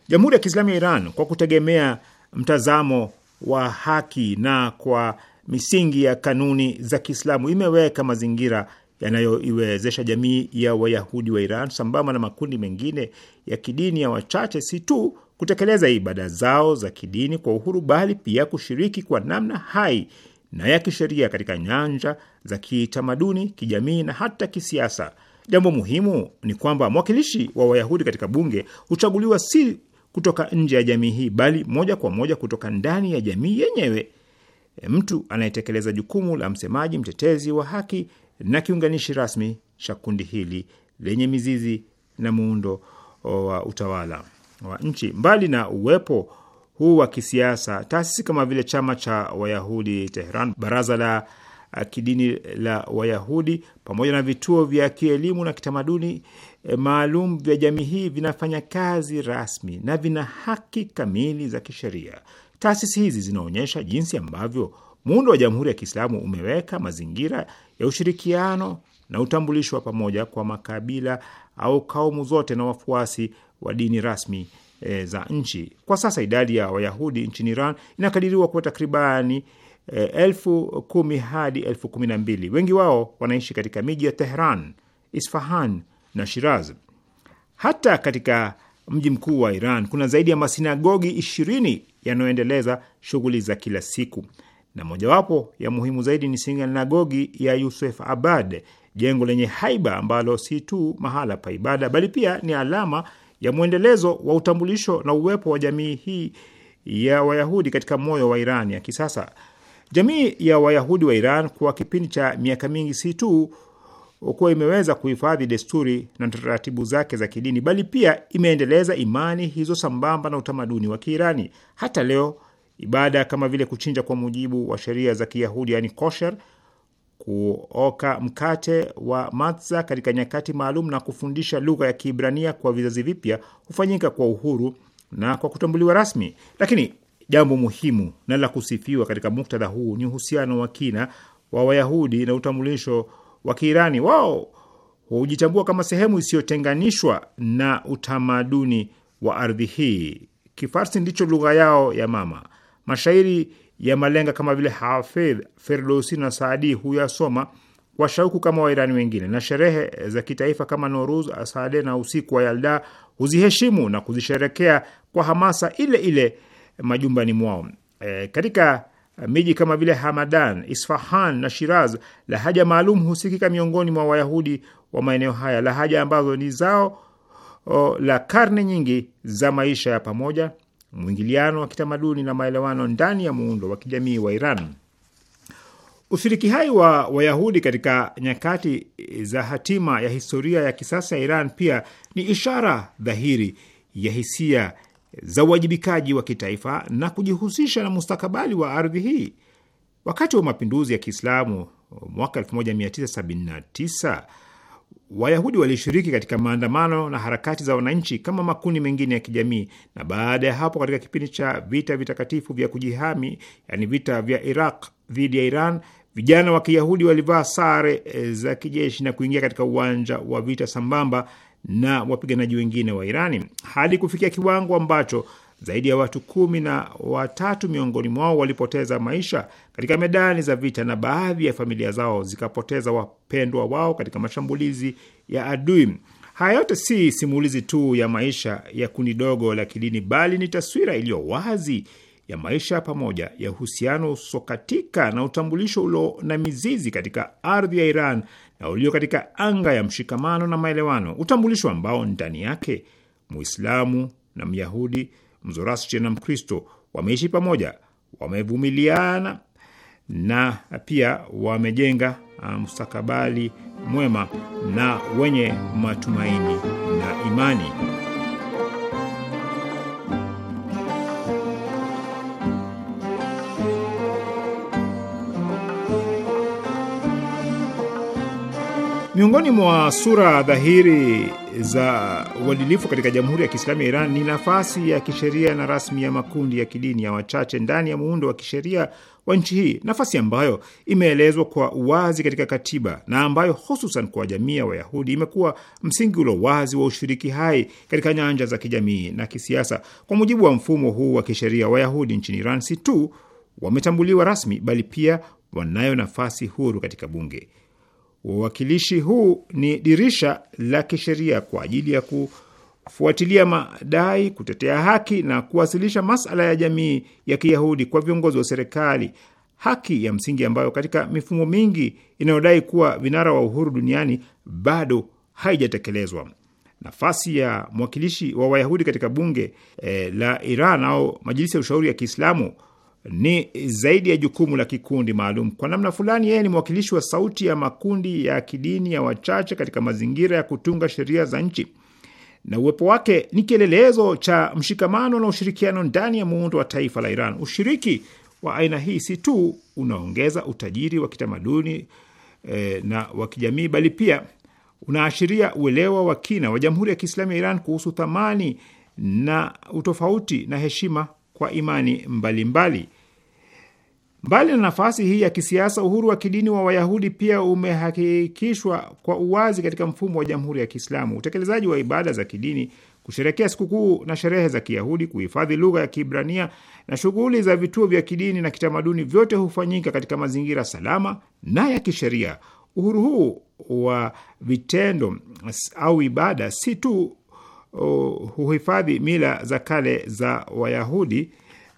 Jamhuri ya Kiislamu ya Iran, kwa kutegemea mtazamo wa haki na kwa misingi ya kanuni za Kiislamu imeweka mazingira yanayoiwezesha jamii ya Wayahudi wa Iran sambamba na makundi mengine ya kidini ya wachache si tu kutekeleza ibada zao za kidini kwa uhuru bali pia kushiriki kwa namna hai na ya kisheria katika nyanja za kitamaduni, kijamii na hata kisiasa. Jambo muhimu ni kwamba mwakilishi wa Wayahudi katika bunge huchaguliwa si kutoka nje ya jamii hii bali moja kwa moja kutoka ndani ya jamii yenyewe mtu anayetekeleza jukumu la msemaji, mtetezi wa haki na kiunganishi rasmi cha kundi hili lenye mizizi na muundo wa utawala wa nchi. Mbali na uwepo huu wa kisiasa, taasisi kama vile chama cha Wayahudi Tehran, baraza la kidini la Wayahudi pamoja na vituo vya kielimu na kitamaduni e, maalum vya jamii hii vinafanya kazi rasmi na vina haki kamili za kisheria Taasisi hizi zinaonyesha jinsi ambavyo muundo wa Jamhuri ya Kiislamu umeweka mazingira ya ushirikiano na utambulisho wa pamoja kwa makabila au kaumu zote na wafuasi wa dini rasmi e, za nchi. Kwa sasa idadi ya Wayahudi nchini Iran inakadiriwa kuwa takribani e, elfu kumi hadi elfu kumi na mbili. Wengi wao wanaishi katika miji ya Tehran, Isfahan na Shiraz. Hata katika mji mkuu wa Iran kuna zaidi ya masinagogi ishirini yanayoendeleza shughuli za kila siku, na mojawapo ya muhimu zaidi ni sinagogi ya Yusuf Abad, jengo lenye haiba ambalo si tu mahala pa ibada, bali pia ni alama ya mwendelezo wa utambulisho na uwepo wa jamii hii ya Wayahudi katika moyo wa Iran ya kisasa. Jamii ya Wayahudi wa Iran kwa kipindi cha miaka mingi si tu kuwa imeweza kuhifadhi desturi na taratibu zake za kidini, bali pia imeendeleza imani hizo sambamba na utamaduni wa Kiirani. Hata leo ibada kama vile kuchinja kwa mujibu wa sheria za Kiyahudi, yani kosher, kuoka mkate wa matza katika nyakati maalum na kufundisha lugha ya Kiibrania kwa vizazi vipya hufanyika kwa uhuru na kwa kutambuliwa rasmi. Lakini jambo muhimu na la kusifiwa katika muktadha huu ni uhusiano wa kina wa Wayahudi na utambulisho wa Kiirani wao hujitambua kama sehemu isiyotenganishwa na utamaduni wa ardhi hii. Kifarsi ndicho lugha yao ya mama. Mashairi ya malenga kama vile Hafidh Ferdowsi na Saadi huyasoma kwa shauku kama Wairani wengine, na sherehe za kitaifa kama Noruz, Asade na usiku wa Yalda huziheshimu na kuzisherekea kwa hamasa ile ile majumbani mwao. E, katika miji kama vile Hamadan, Isfahan na Shiraz, lahaja maalum husikika miongoni mwa Wayahudi wa maeneo haya, lahaja ambazo ni zao o, la karne nyingi za maisha ya pamoja, mwingiliano wa kitamaduni na maelewano ndani ya muundo wa kijamii wa Iran. Ushiriki hai wa Wayahudi katika nyakati za hatima ya historia ya kisasa ya Iran pia ni ishara dhahiri ya hisia za uwajibikaji wa kitaifa na kujihusisha na mustakabali wa ardhi hii. Wakati wa mapinduzi ya Kiislamu mwaka 1979 Wayahudi walishiriki katika maandamano na harakati za wananchi kama makundi mengine ya kijamii, na baada ya hapo, katika kipindi cha vita vitakatifu vya kujihami, yani vita vya Iraq dhidi ya Iran, vijana wa Kiyahudi walivaa sare eh, za kijeshi na kuingia katika uwanja wa vita sambamba na wapiganaji wengine wa Irani hadi kufikia kiwango ambacho zaidi ya watu kumi na watatu miongoni mwao walipoteza maisha katika medani za vita na baadhi ya familia zao zikapoteza wapendwa wao katika mashambulizi ya adui. Haya yote si simulizi tu ya maisha ya kundi dogo la kidini, bali ni taswira iliyo wazi ya maisha pamoja ya uhusiano usokatika na utambulisho ulio na mizizi katika ardhi ya Iran na ulio katika anga ya mshikamano na maelewano, utambulisho ambao ndani yake Muislamu na Myahudi, Mzorastri na Mkristo wameishi pamoja, wamevumiliana na pia wamejenga uh, mustakabali mwema na wenye matumaini na imani. Miongoni mwa sura dhahiri za uadilifu katika Jamhuri ya Kiislamu ya Iran ni nafasi ya kisheria na rasmi ya makundi ya kidini ya wachache ndani ya muundo wa kisheria wa nchi hii, nafasi ambayo imeelezwa kwa uwazi katika katiba na ambayo hususan kwa jamii ya Wayahudi imekuwa msingi ulo wazi wa ushiriki hai katika nyanja za kijamii na kisiasa. Kwa mujibu wa mfumo huu wa kisheria, Wayahudi nchini Iran si tu wametambuliwa rasmi, bali pia wanayo nafasi huru katika bunge. Uwakilishi huu ni dirisha la kisheria kwa ajili ya kufuatilia madai, kutetea haki na kuwasilisha masala ya jamii ya Kiyahudi kwa viongozi wa serikali, haki ya msingi ambayo katika mifumo mingi inayodai kuwa vinara wa uhuru duniani bado haijatekelezwa. Nafasi ya mwakilishi wa Wayahudi katika bunge eh, la Iran au majilisi ya ushauri ya Kiislamu ni zaidi ya jukumu la kikundi maalum. Kwa namna fulani, yeye ni mwakilishi wa sauti ya makundi ya kidini ya wachache katika mazingira ya kutunga sheria za nchi, na uwepo wake ni kielelezo cha mshikamano na ushirikiano ndani ya muundo wa taifa la Iran. Ushiriki wa aina hii si tu unaongeza utajiri wa kitamaduni eh, na wa kijamii, bali pia unaashiria uelewa wa kina wa Jamhuri ya Kiislamu ya Iran kuhusu thamani na utofauti na heshima kwa imani mbalimbali mbali. Mbali na nafasi hii ya kisiasa, uhuru wa kidini wa Wayahudi pia umehakikishwa kwa uwazi katika mfumo wa Jamhuri ya Kiislamu. Utekelezaji wa ibada za kidini, kusherekea sikukuu na sherehe za Kiyahudi, kuhifadhi lugha ya Kiibrania na shughuli za vituo vya kidini na kitamaduni, vyote hufanyika katika mazingira salama na ya kisheria. Uhuru huu wa vitendo au ibada si tu huhifadhi mila za kale za Wayahudi,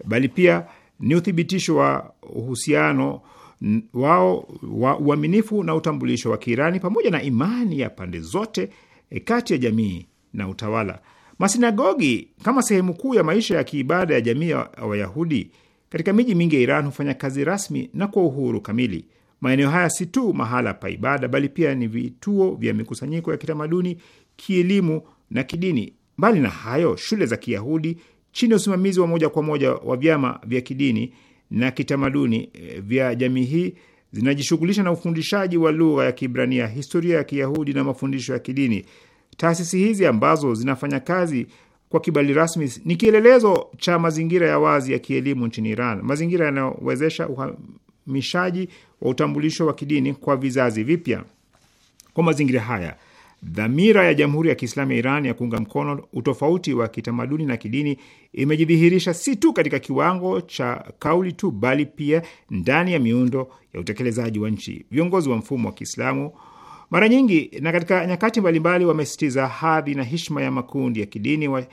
bali pia ni uthibitisho wa uhusiano wao wa uaminifu na utambulisho wa Kiirani pamoja na imani ya pande zote e, kati ya jamii na utawala. Masinagogi kama sehemu kuu ya maisha ya kiibada ya jamii ya Wayahudi katika miji mingi ya Iran hufanya kazi rasmi na kwa uhuru kamili. Maeneo haya si tu mahala pa ibada, bali pia ni vituo vya mikusanyiko ya kitamaduni, kielimu na kidini. Mbali na hayo, shule za Kiyahudi chini ya usimamizi wa moja kwa moja wa vyama vya kidini na kitamaduni eh, vya jamii hii zinajishughulisha na ufundishaji wa lugha ya Kiibrania, historia ya Kiyahudi na mafundisho ya kidini. Taasisi hizi ambazo zinafanya kazi kwa kibali rasmi ni kielelezo cha mazingira ya wazi ya kielimu nchini Iran, mazingira yanayowezesha uhamishaji wa utambulisho wa kidini kwa vizazi vipya. Kwa mazingira haya Dhamira ya Jamhuri ya Kiislamu ya Iran ya kuunga mkono utofauti wa kitamaduni na kidini imejidhihirisha si tu katika kiwango cha kauli tu, bali pia ndani ya miundo ya utekelezaji wa nchi. Viongozi wa mfumo wa Kiislamu mara nyingi na katika nyakati mbalimbali wamesitiza hadhi na heshima ya makundi ya kidini wa,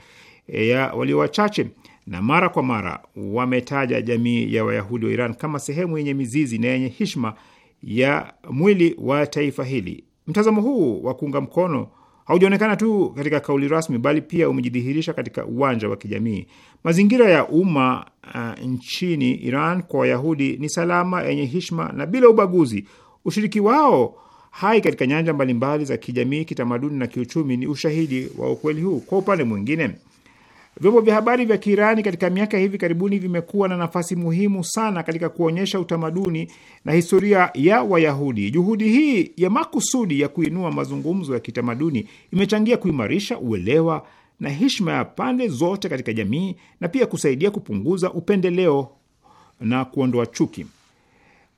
ya walio wachache na mara kwa mara wametaja jamii ya Wayahudi wa Iran kama sehemu yenye mizizi na yenye heshima ya mwili wa taifa hili. Mtazamo huu wa kuunga mkono haujaonekana tu katika kauli rasmi, bali pia umejidhihirisha katika uwanja wa kijamii. Mazingira ya umma uh, nchini Iran kwa Wayahudi ni salama, yenye hishma na bila ubaguzi. Ushiriki wao hai katika nyanja mbalimbali za kijamii, kitamaduni na kiuchumi ni ushahidi wa ukweli huu. Kwa upande mwingine Vyombo vya habari vya Kiirani katika miaka hivi karibuni vimekuwa na nafasi muhimu sana katika kuonyesha utamaduni na historia ya Wayahudi. Juhudi hii ya makusudi ya kuinua mazungumzo ya kitamaduni imechangia kuimarisha uelewa na heshima ya pande zote katika jamii na pia kusaidia kupunguza upendeleo na kuondoa chuki.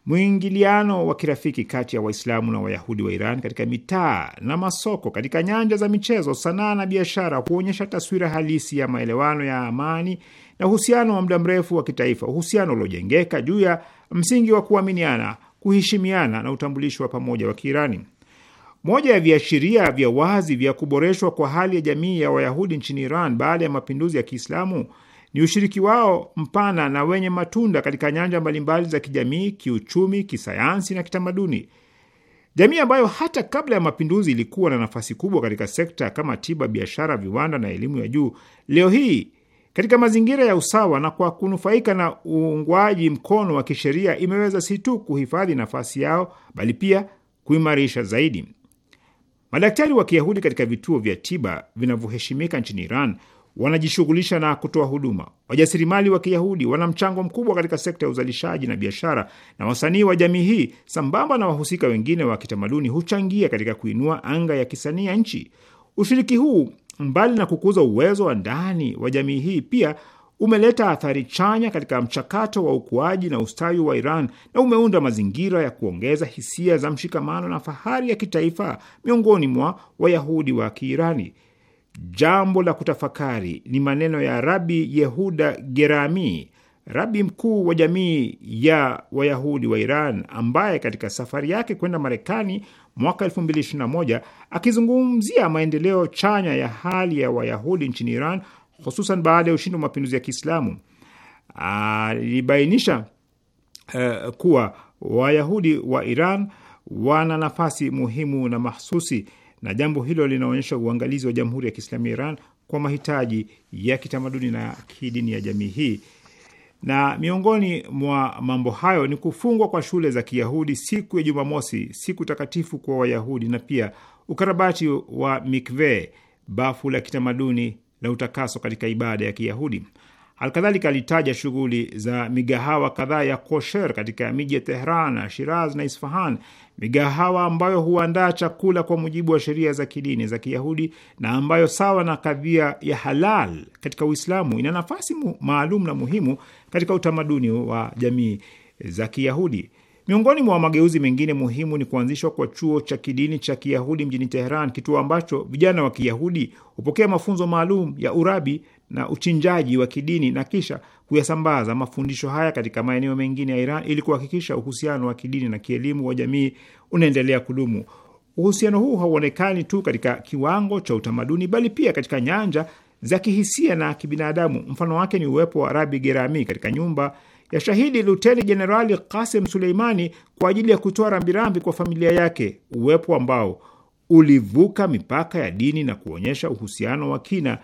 Mwingiliano wa kirafiki kati ya Waislamu na Wayahudi wa Iran katika mitaa na masoko, katika nyanja za michezo, sanaa na biashara huonyesha taswira halisi ya maelewano ya amani na uhusiano wa muda mrefu wa kitaifa, uhusiano uliojengeka juu ya msingi wa kuaminiana, kuheshimiana na utambulisho wa pamoja wa Kiirani. Moja ya viashiria vya wazi vya kuboreshwa kwa hali ya jamii ya Wayahudi nchini Iran baada ya mapinduzi ya Kiislamu ni ushiriki wao mpana na wenye matunda katika nyanja mbalimbali za kijamii, kiuchumi, kisayansi na kitamaduni. Jamii ambayo hata kabla ya mapinduzi ilikuwa na nafasi kubwa katika sekta kama tiba, biashara, viwanda na elimu ya juu, leo hii katika mazingira ya usawa na kwa kunufaika na uungwaji mkono wa kisheria, imeweza si tu kuhifadhi nafasi yao bali pia kuimarisha zaidi. Madaktari wa Kiyahudi katika vituo vya tiba vinavyoheshimika nchini Iran wanajishughulisha na kutoa huduma. wajasirimali wa Kiyahudi wana mchango mkubwa katika sekta ya uzalishaji na biashara, na wasanii wa jamii hii sambamba na wahusika wengine wa kitamaduni huchangia katika kuinua anga ya kisanii ya nchi. Ushiriki huu, mbali na kukuza uwezo wa ndani wa jamii hii, pia umeleta athari chanya katika mchakato wa ukuaji na ustawi wa Iran na umeunda mazingira ya kuongeza hisia za mshikamano na fahari ya kitaifa miongoni mwa Wayahudi wa Kiirani. Jambo la kutafakari ni maneno ya Rabi Yehuda Gerami, rabi mkuu wa jamii ya Wayahudi wa Iran, ambaye katika safari yake kwenda Marekani mwaka 2021 akizungumzia maendeleo chanya ya hali ya Wayahudi nchini Iran, hususan baada ya ushindi wa mapinduzi ya Kiislamu, alibainisha uh, kuwa Wayahudi wa Iran wana nafasi muhimu na mahsusi na jambo hilo linaonyesha uangalizi wa Jamhuri ya Kiislamu ya Iran kwa mahitaji ya kitamaduni na kidini ya jamii hii. Na miongoni mwa mambo hayo ni kufungwa kwa shule za Kiyahudi siku ya Jumamosi, siku takatifu kwa Wayahudi, na pia ukarabati wa mikve, bafu la kitamaduni la utakaso katika ibada ya Kiyahudi. Alkadhalika alitaja shughuli za migahawa kadhaa ya kosher katika miji ya Tehran, Shiraz na Isfahan, migahawa ambayo huandaa chakula kwa mujibu wa sheria za kidini za Kiyahudi na ambayo sawa na kadhia ya halal katika Uislamu ina nafasi maalum na muhimu katika utamaduni wa jamii za Kiyahudi. Miongoni mwa mageuzi mengine muhimu ni kuanzishwa kwa chuo cha kidini cha Kiyahudi mjini Teheran, kituo ambacho vijana wa Kiyahudi hupokea mafunzo maalum ya urabi na uchinjaji wa kidini na kisha kuyasambaza mafundisho haya katika maeneo mengine ya Iran ili kuhakikisha uhusiano wa kidini na kielimu wa jamii unaendelea kudumu. Uhusiano huu hauonekani tu katika kiwango cha utamaduni, bali pia katika nyanja za kihisia na kibinadamu. Mfano wake ni uwepo wa Rabi Gerami katika nyumba ya shahidi Luteni Jenerali Kasim Suleimani kwa ajili ya kutoa rambirambi kwa familia yake, uwepo ambao ulivuka mipaka ya dini na kuonyesha uhusiano wa kina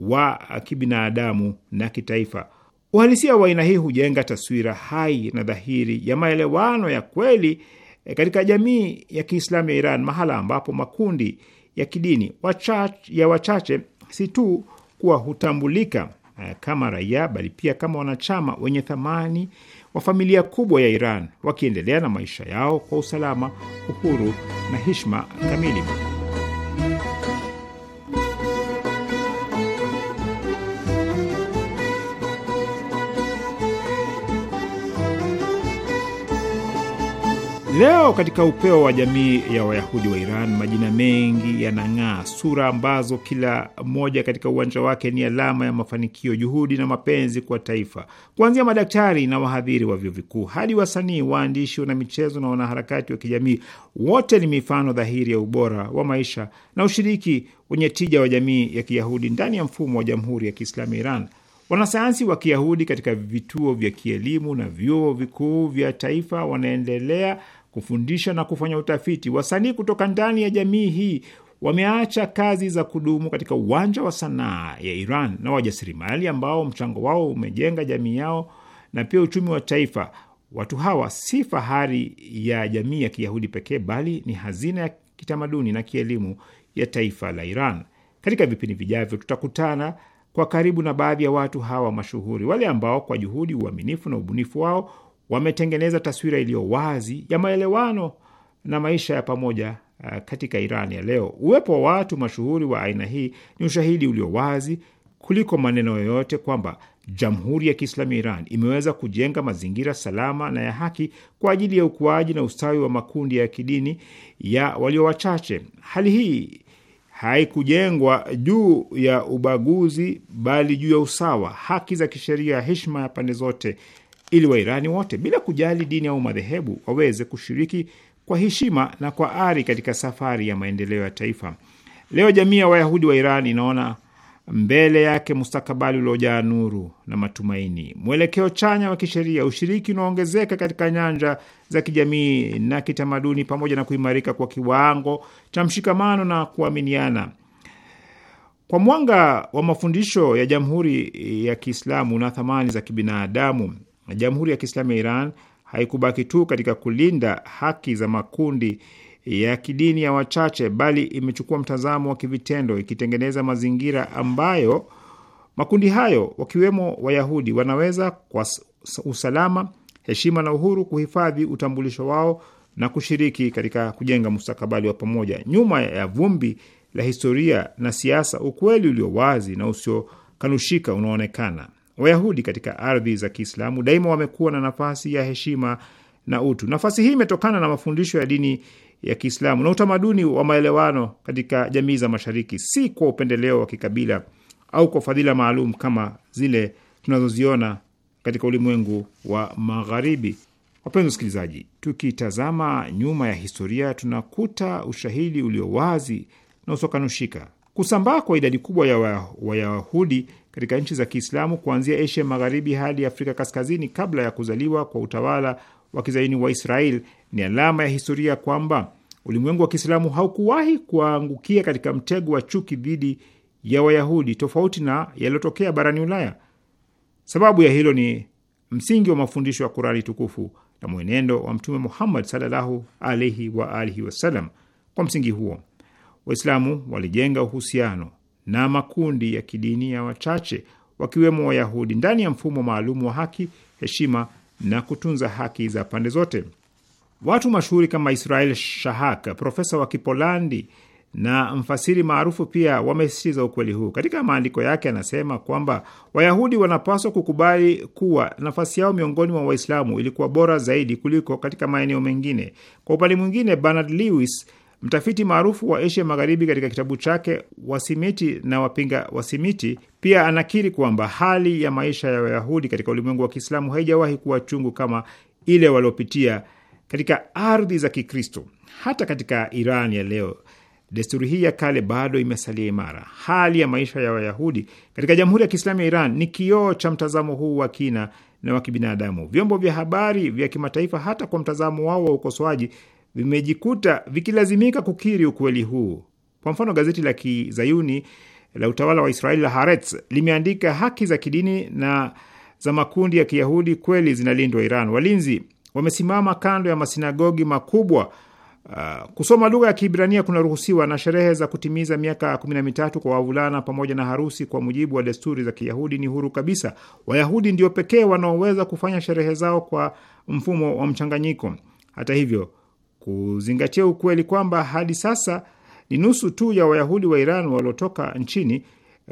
wa kibinadamu na kitaifa. Uhalisia wa aina hii hujenga taswira hai na dhahiri ya maelewano ya kweli eh, katika jamii ya Kiislamu ya Iran, mahala ambapo makundi ya kidini wachache, ya wachache si tu kuwa hutambulika eh, kama raia bali pia kama wanachama wenye thamani wa familia kubwa ya Iran, wakiendelea na maisha yao kwa usalama, uhuru na heshima kamili. Leo katika upeo wa jamii ya Wayahudi wa Iran, majina mengi yanang'aa, sura ambazo kila moja katika uwanja wake ni alama ya mafanikio, juhudi na mapenzi kwa taifa, kuanzia madaktari na wahadhiri wa vyuo vikuu hadi wasanii, waandishi, wana michezo na wanaharakati wa kijamii. Wote ni mifano dhahiri ya ubora wa maisha na ushiriki wenye tija wa jamii ya Kiyahudi ndani ya mfumo wa Jamhuri ya Kiislamu ya Iran. Wanasayansi wa Kiyahudi katika vituo vya kielimu na vyuo vikuu vya taifa wanaendelea kufundisha na kufanya utafiti. Wasanii kutoka ndani ya jamii hii wameacha kazi za kudumu katika uwanja wa sanaa ya Iran na wajasiriamali ambao mchango wao umejenga jamii yao na pia uchumi wa taifa. Watu hawa si fahari ya jamii ya Kiyahudi pekee, bali ni hazina ya kitamaduni na kielimu ya taifa la Iran. Katika vipindi vijavyo, tutakutana kwa karibu na baadhi ya watu hawa mashuhuri, wale ambao kwa juhudi, uaminifu na ubunifu wao wametengeneza taswira iliyo wazi ya maelewano na maisha ya pamoja uh, katika Iran ya leo. Uwepo wa watu mashuhuri wa aina hii ni ushahidi ulio wazi kuliko maneno yoyote kwamba Jamhuri ya Kiislamu ya Iran imeweza kujenga mazingira salama na ya haki kwa ajili ya ukuaji na ustawi wa makundi ya kidini ya walio wachache. Hali hii haikujengwa juu ya ubaguzi, bali juu ya usawa, haki za kisheria, heshima ya pande zote ili Wairani wote bila kujali dini au madhehebu waweze kushiriki kwa heshima na kwa ari katika safari ya maendeleo ya taifa. Leo jamii ya Wayahudi wa Iran inaona mbele yake mustakabali uliojaa nuru na matumaini. Mwelekeo chanya wa kisheria, ushiriki unaongezeka katika nyanja za kijamii na kitamaduni, pamoja na kuimarika kwa kiwango cha mshikamano na kuaminiana. Kwa mwanga wa mafundisho ya Jamhuri ya Kiislamu na thamani za kibinadamu, Jamhuri ya Kiislamu ya Iran haikubaki tu katika kulinda haki za makundi ya kidini ya wachache, bali imechukua mtazamo wa kivitendo, ikitengeneza mazingira ambayo makundi hayo wakiwemo Wayahudi wanaweza kwa usalama, heshima na uhuru kuhifadhi utambulisho wao na kushiriki katika kujenga mustakabali wa pamoja. Nyuma ya vumbi la historia na siasa, ukweli ulio wazi na usiokanushika unaonekana. Wayahudi katika ardhi za Kiislamu daima wamekuwa na nafasi ya heshima na utu. Nafasi hii imetokana na mafundisho ya dini ya Kiislamu na utamaduni wa maelewano katika jamii za Mashariki, si kwa upendeleo wa kikabila au kwa fadhila maalum kama zile tunazoziona katika ulimwengu wa Magharibi. Wapenzi wasikilizaji, tukitazama nyuma ya historia tunakuta ushahidi ulio wazi na usokanushika Kusambaa kwa idadi kubwa ya Wayahudi katika nchi za Kiislamu kuanzia Asia Magharibi hadi Afrika Kaskazini kabla ya kuzaliwa kwa utawala wa kizaini wa Israel ni alama ya historia kwamba ulimwengu wa Kiislamu haukuwahi kuangukia katika mtego wa chuki dhidi ya Wayahudi tofauti na yaliyotokea barani Ulaya. Sababu ya hilo ni msingi wa mafundisho ya Kurani tukufu na mwenendo wa Mtume Muhammad sallallahu alaihi wa alihi wasallam. Kwa msingi huo, Waislamu walijenga uhusiano na makundi ya kidini ya wachache wakiwemo Wayahudi ndani ya mfumo maalum wa haki, heshima na kutunza haki za pande zote. Watu mashuhuri kama Israel Shahak, profesa wa Kipolandi na mfasiri maarufu pia wamesisitiza ukweli huu. Katika maandiko yake, anasema kwamba Wayahudi wanapaswa kukubali kuwa nafasi yao miongoni mwa Waislamu ilikuwa bora zaidi kuliko katika maeneo mengine. Kwa upande mwingine, Bernard Lewis Mtafiti maarufu wa Asia Magharibi katika kitabu chake Wasimiti na Wapinga Wasimiti pia anakiri kwamba hali ya maisha ya Wayahudi katika ulimwengu wa Kiislamu haijawahi kuwa chungu kama ile waliopitia katika ardhi za Kikristo. Hata katika Iran ya leo desturi hii ya kale bado imesalia imara. Hali ya maisha ya Wayahudi katika Jamhuri ya Kiislamu ya Iran ni kioo cha mtazamo huu wa kina na wa kibinadamu. Vyombo vya habari vya kimataifa, hata kwa mtazamo wao wa ukosoaji, vimejikuta vikilazimika kukiri ukweli huu. Kwa mfano, gazeti la kizayuni la utawala wa Israeli la Haaretz limeandika haki za kidini na za makundi ya kiyahudi kweli zinalindwa Iran. Walinzi wamesimama kando ya masinagogi makubwa. Uh, kusoma lugha ya Kiibrania kunaruhusiwa na sherehe za kutimiza miaka kumi na mitatu kwa wavulana pamoja na harusi kwa mujibu wa desturi za Kiyahudi ni huru kabisa. Wayahudi ndio pekee wanaoweza kufanya sherehe zao kwa mfumo wa mchanganyiko. Hata hivyo, kuzingatia ukweli kwamba hadi sasa ni nusu tu ya Wayahudi wa Iran waliotoka nchini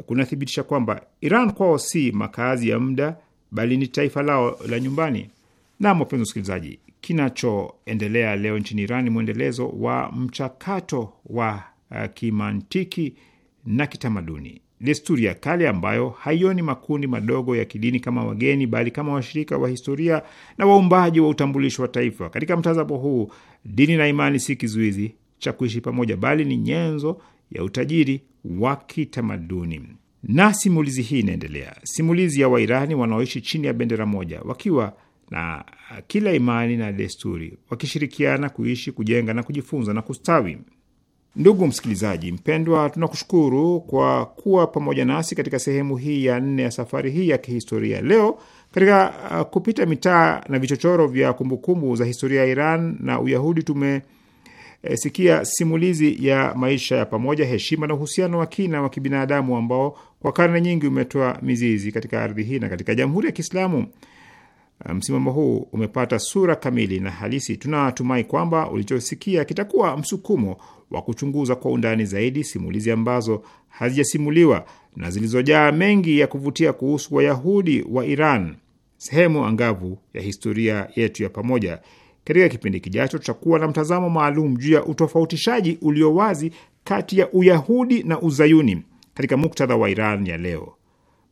kunathibitisha kwamba Iran kwao si makazi ya muda bali ni taifa lao la nyumbani. Na wapenzi wasikilizaji, kinachoendelea leo nchini Iran ni mwendelezo wa mchakato wa uh, kimantiki na kitamaduni desturi ya kale ambayo haioni makundi madogo ya kidini kama wageni bali kama washirika wa historia na waumbaji wa utambulisho wa taifa. Katika mtazamo huu, dini na imani si kizuizi cha kuishi pamoja, bali ni nyenzo ya utajiri wa kitamaduni. Na simulizi hii inaendelea, simulizi ya Wairani wanaoishi chini ya bendera moja, wakiwa na kila imani na desturi, wakishirikiana kuishi, kujenga na kujifunza na kustawi. Ndugu msikilizaji mpendwa, tunakushukuru kwa kuwa pamoja nasi katika sehemu hii ya nne ya safari hii ya kihistoria. Leo katika uh, kupita mitaa na vichochoro vya kumbukumbu za historia ya Iran na Uyahudi tumesikia eh, E, simulizi ya maisha ya pamoja, heshima na uhusiano wa kina wa kibinadamu ambao kwa karne nyingi umetoa mizizi katika ardhi hii na katika Jamhuri ya Kiislamu. Uh, msimamo huu umepata sura kamili na halisi. Tunatumai kwamba ulichosikia kitakuwa msukumo wa kuchunguza kwa undani zaidi simulizi ambazo hazijasimuliwa na zilizojaa mengi ya kuvutia kuhusu Wayahudi wa Iran, sehemu angavu ya historia yetu ya pamoja. Katika kipindi kijacho, tutakuwa na mtazamo maalum juu ya utofautishaji ulio wazi kati ya Uyahudi na Uzayuni katika muktadha wa Iran ya leo,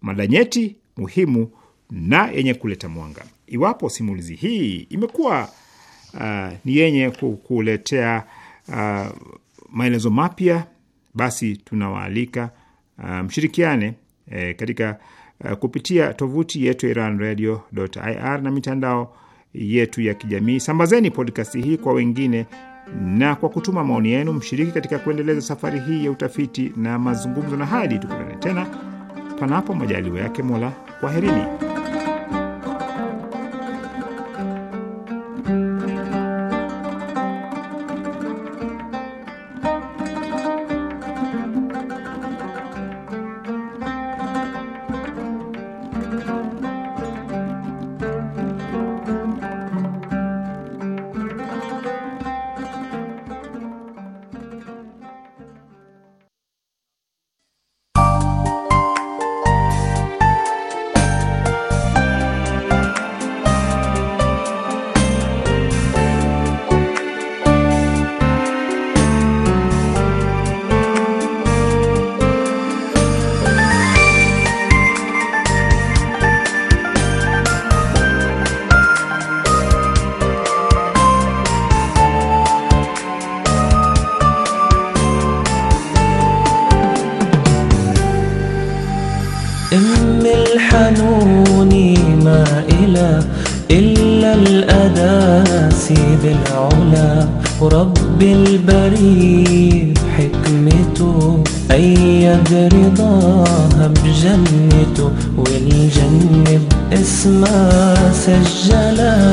mada nyeti muhimu na yenye kuleta mwanga. Iwapo simulizi hii imekuwa uh, ni yenye kukuletea uh, maelezo mapya, basi tunawaalika mshirikiane um, e, katika uh, kupitia tovuti yetu ya iranradio.ir na mitandao yetu ya kijamii. Sambazeni podcast hii kwa wengine na kwa kutuma maoni yenu, mshiriki katika kuendeleza safari hii ya utafiti na mazungumzo, na hadi tukutane tena, panapo majaliwa yake Mola. Kwaherini. رب البريد حكمته أيد رضاها بجنته والجنة باسمها سجلها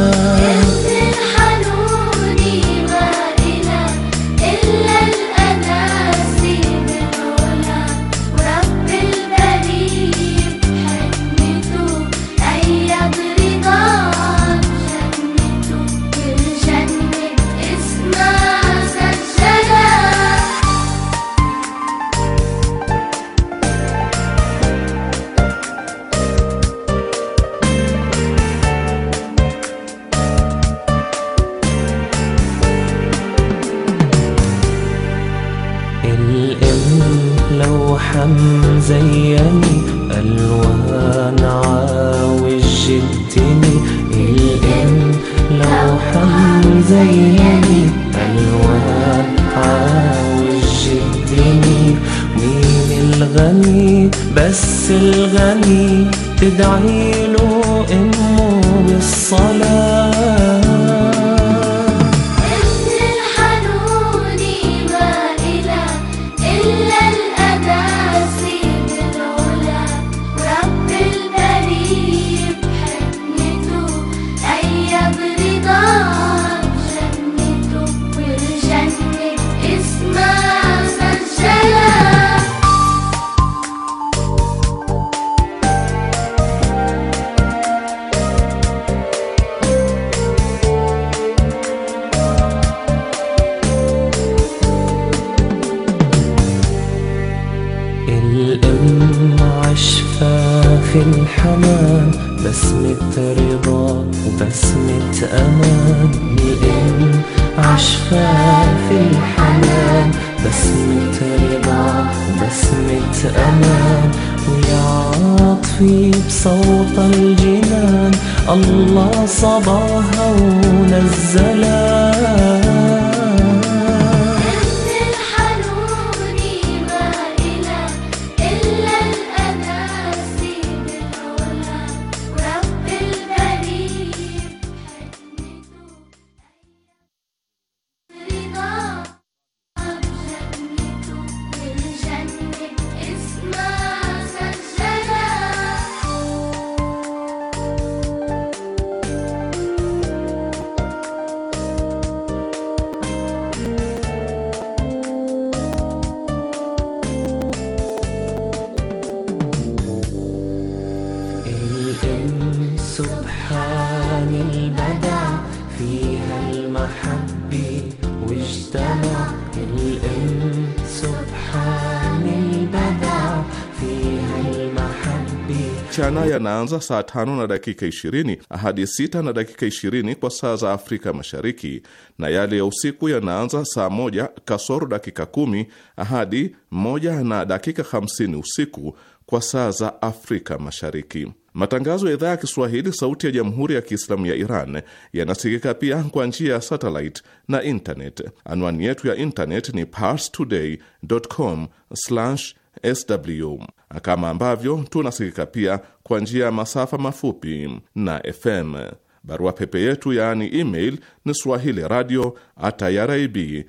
yanaanza saa tano na dakika ishirini hadi sita na dakika ishirini kwa saa za Afrika Mashariki, na yale ya usiku yanaanza saa moja kasoro dakika kumi hadi moja na dakika hamsini usiku kwa saa za Afrika Mashariki. Matangazo ya idhaa ya Kiswahili sauti ya jamhuri ya Kiislamu ya Iran yanasikika pia kwa njia ya satellite na internet. Anwani yetu ya internet ni parstoday.com/sw, kama ambavyo tunasikika pia kwa njia ya masafa mafupi na FM. Barua pepe yetu yaani email ni swahili radio at irib ir.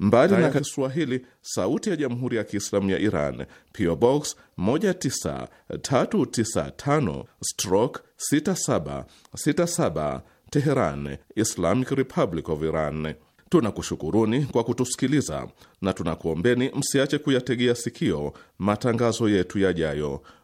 Mbali na Kiswahili, Sauti ya Jamhuri ya Kiislamu ya Iran, PO Box 19395 stroke 6767 Teheran, Islamic Republic of Iran. Tunakushukuruni kwa kutusikiliza na tunakuombeni msiache kuyategea sikio matangazo yetu yajayo.